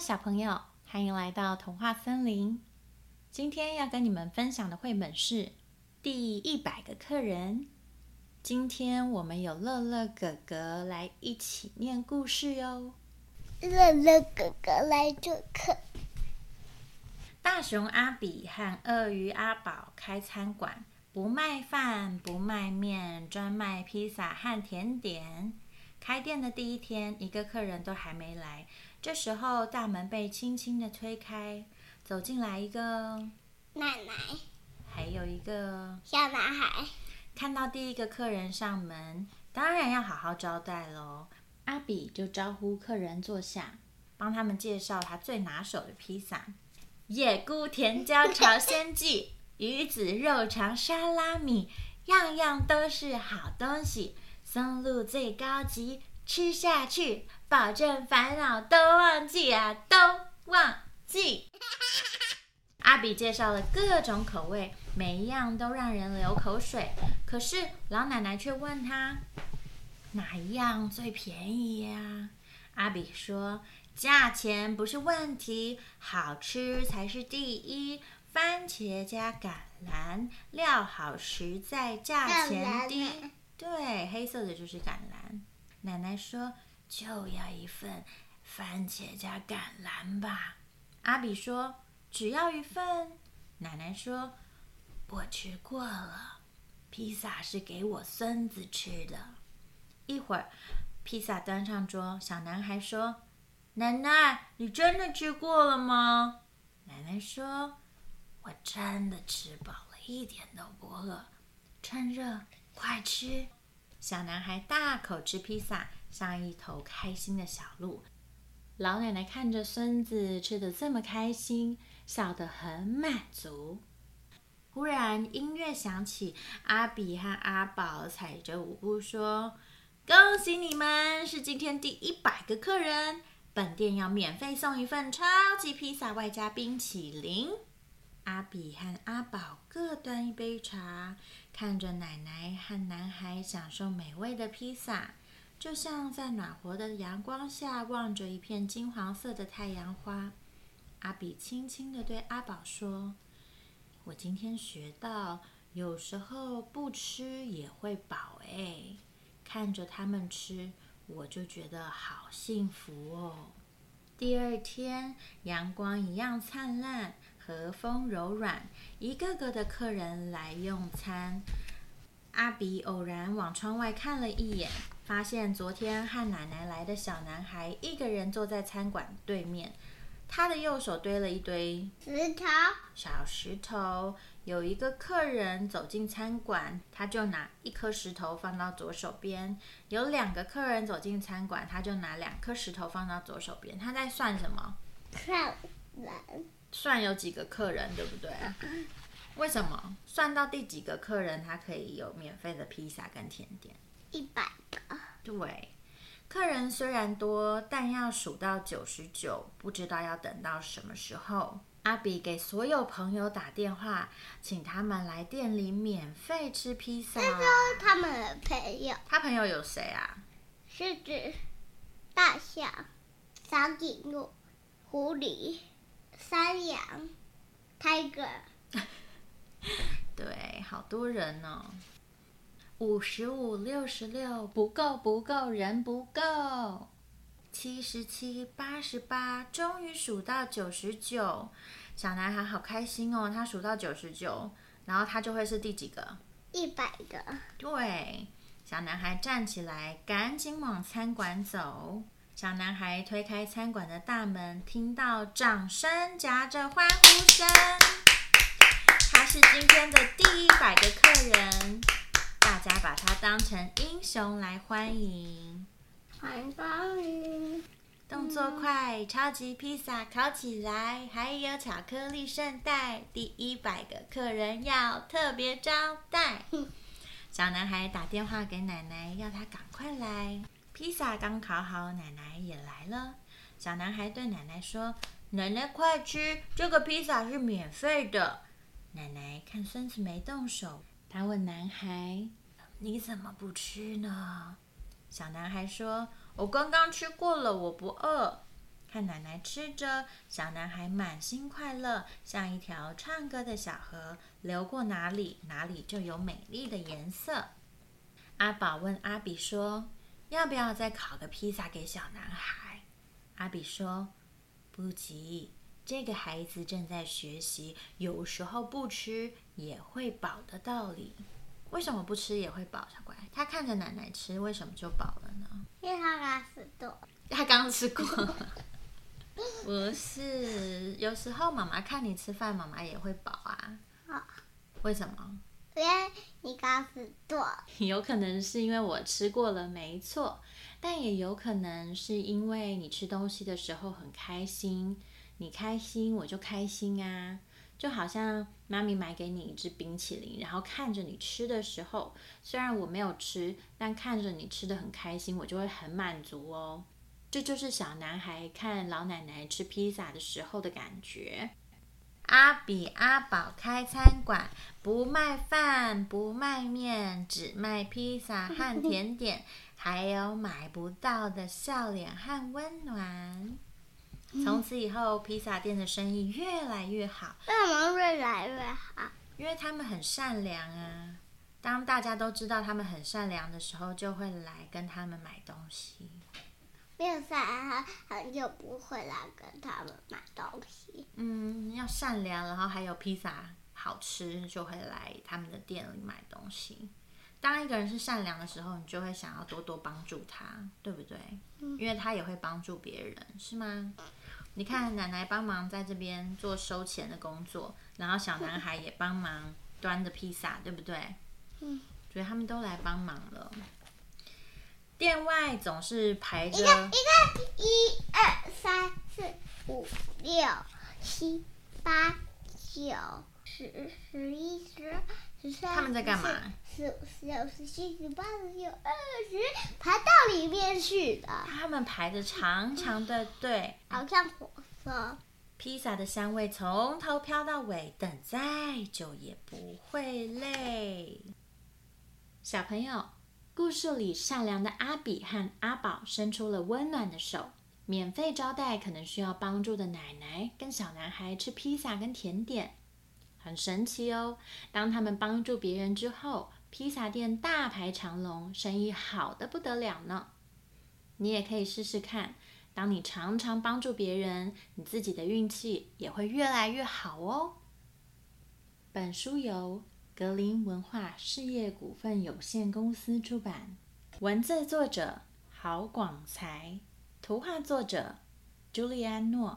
小朋友，歡迎來到童話森林。今天要跟你們分享的繪本是《第一百個客人》。今天我們有樂樂哥哥來一起念故事喲。樂樂哥哥來做客。大熊阿比和鱷魚阿寶開餐館，不賣飯，不賣麵，專賣披薩和甜點。開店的第一天，一個客人都還沒來。這時候，大門被輕輕地推開，走進來一個奶奶，還有一個小男孩。看到第一個客人上門，當然要好好招待嘍。阿比就招呼客人坐下，幫他們介紹他最拿手的披薩：野菇、甜椒、朝鮮薊、魚子、肉腸、沙拉米，樣樣都是好東西。松露最高級，吃下去。保證煩惱都忘記啊，都忘記。 阿比介紹了各種口味，每一樣都讓人流口水。可是老奶奶卻問他，哪一樣最便宜呀、啊？阿比說，價錢不是問題，好吃才是第一。番茄加橄欖，料好實在，價錢低奶奶。對，黑色的就是橄欖。奶奶說。就要一份番茄加橄欖吧，阿比說：“只要一份。”奶奶說：“我吃過了，披薩是給我孫子吃的。”一會兒，披薩端上桌，小男孩說：“奶奶，你真的吃過了嗎？”奶奶說：“我真的吃飽了，一點都不餓，趁熱快吃。”小男孩大口吃披薩。像一頭開心的小鹿，老奶奶看着孫子吃得這麼開心，笑得很滿足。忽然音樂響起，阿比和阿寶踩着舞步說：“恭喜你們，是今天第一百個客人，本店要免費送一份超級披薩，外加冰淇淋。”阿比和阿寶各端一杯茶，看着奶奶和男孩享受美味的披薩。就像在暖和的陽光下望着一片金黃色的太陽花，阿比輕輕地對阿寶說：“我今天學到，有時候不吃也會飽哎，看着他們吃，我就覺得好幸福哦。”第二天，陽光一樣燦爛，和風柔軟，一個個的客人來用餐。阿比偶然往窗外看了一眼。發現昨天和奶奶來的小男孩一個人坐在餐館對面，他的右手堆了一堆石頭，小石頭。有一個客人走進餐館，他就拿一顆石頭放到左手邊；有兩個客人走進餐館，他就拿兩顆石頭放到左手邊。他在算什麼？客人算有幾個客人，對不對？為什麼算到第幾個客人，他可以有免費的披薩跟甜點？一百個。對，客人雖然多，但要數到九十九，不知道要等到什麼時候。阿比給所有朋友打電話，請他們來店裡免費吃披薩。說他們的朋友。他朋友有誰啊？獅子、大象、長頸鹿、狐狸、山羊、Tiger。 對，好多人呢、哦。五十五六十六不夠不夠人不夠，七十七八十八終於數到九十九，小男孩好開心哦！他數到九十九，然後他就會是第幾個？一百個。對，小男孩站起來，趕緊往餐館走。小男孩推開餐館的大門，聽到掌聲夾着歡呼聲，他是今天的第一百個客人。大家把它當成英雄來歡迎，歡迎光臨！動作快，超級披薩烤起來，還有巧克力聖代。第一百個客人要特別招待。小男孩打電話給奶奶，要他趕快來。披薩剛烤好，奶奶也來了。小男孩對奶奶說：“奶奶快吃，這個披薩是免費的。”奶奶看孫子沒動手，他問男孩。你怎麼不吃呢？小男孩說：“我剛剛吃過了，我不餓。”看奶奶吃着，小男孩滿心快樂，像一條唱歌的小河，流過哪裡，哪裡就有美麗的顏色。阿寶問阿比說：“要不要再烤個披薩給小男孩？”阿比說：“不急，這個孩子正在學習，有時候不吃也會飽的道理。”為什麼不吃也會飽，小乖？他看着奶奶吃，為什麼就飽了呢？因為他剛吃他剛吃過了。不 是，有時候媽媽看你吃飯，媽媽也會飽啊。哦。為什麼？因為你剛吃過，有可能是因為我吃過了，沒錯。但也有可能是因為你吃東西的時候很開心，你開心我就開心啊。就好像媽咪買給你一支冰淇淋，然後看着你吃的時候，雖然我沒有吃，但看着你吃得很開心，我就會很滿足哦。這就是小男孩看老奶奶吃披薩的時候的感覺。阿比阿寶開餐館，不賣飯不賣麵，只賣披薩和甜點， 還有買不到的笑臉和溫暖。從此以後，披薩店的生意越來越好。為什麼越來越好？因為他們很善良啊。當大家都知道他們很善良的時候，就會來跟他們買東西。沒有善良，他很久不會來跟他們買東西。嗯，要善良，然後還有披薩好吃，就會來他們的店裡買東西。當一個人是善良的時候，你就會想要多多幫助他，對不對？嗯，因為他也會幫助別人，是嗎？你看，奶奶幫忙在這邊做收錢的工作，然後小男孩也幫忙端着披薩，對不對？嗯，所以他們都來幫忙了。店外總是排着一個一個一二三四五六七八九十十一十。13，他們在幹嘛？十四、十五、十六、十七、十八、十九、二十，排到裡面去了。他們排着長長的隊，嗯，好像火車。披薩的香味從頭飄到尾，等再久也不會累。小朋友，故事裡善良的阿比和阿寶伸出了溫暖的手，免費招待可能需要幫助的奶奶跟小男孩吃披薩跟甜點。很神奇哦！當他們幫助別人之後，披薩店大排長龍，生意好得不得了呢。你也可以試試看，當你常常幫助別人，你自己的運氣也會越來越好哦。本書由格林文化事業股份有限公司出版，文字作者郝廣才，圖畫作者朱里安諾。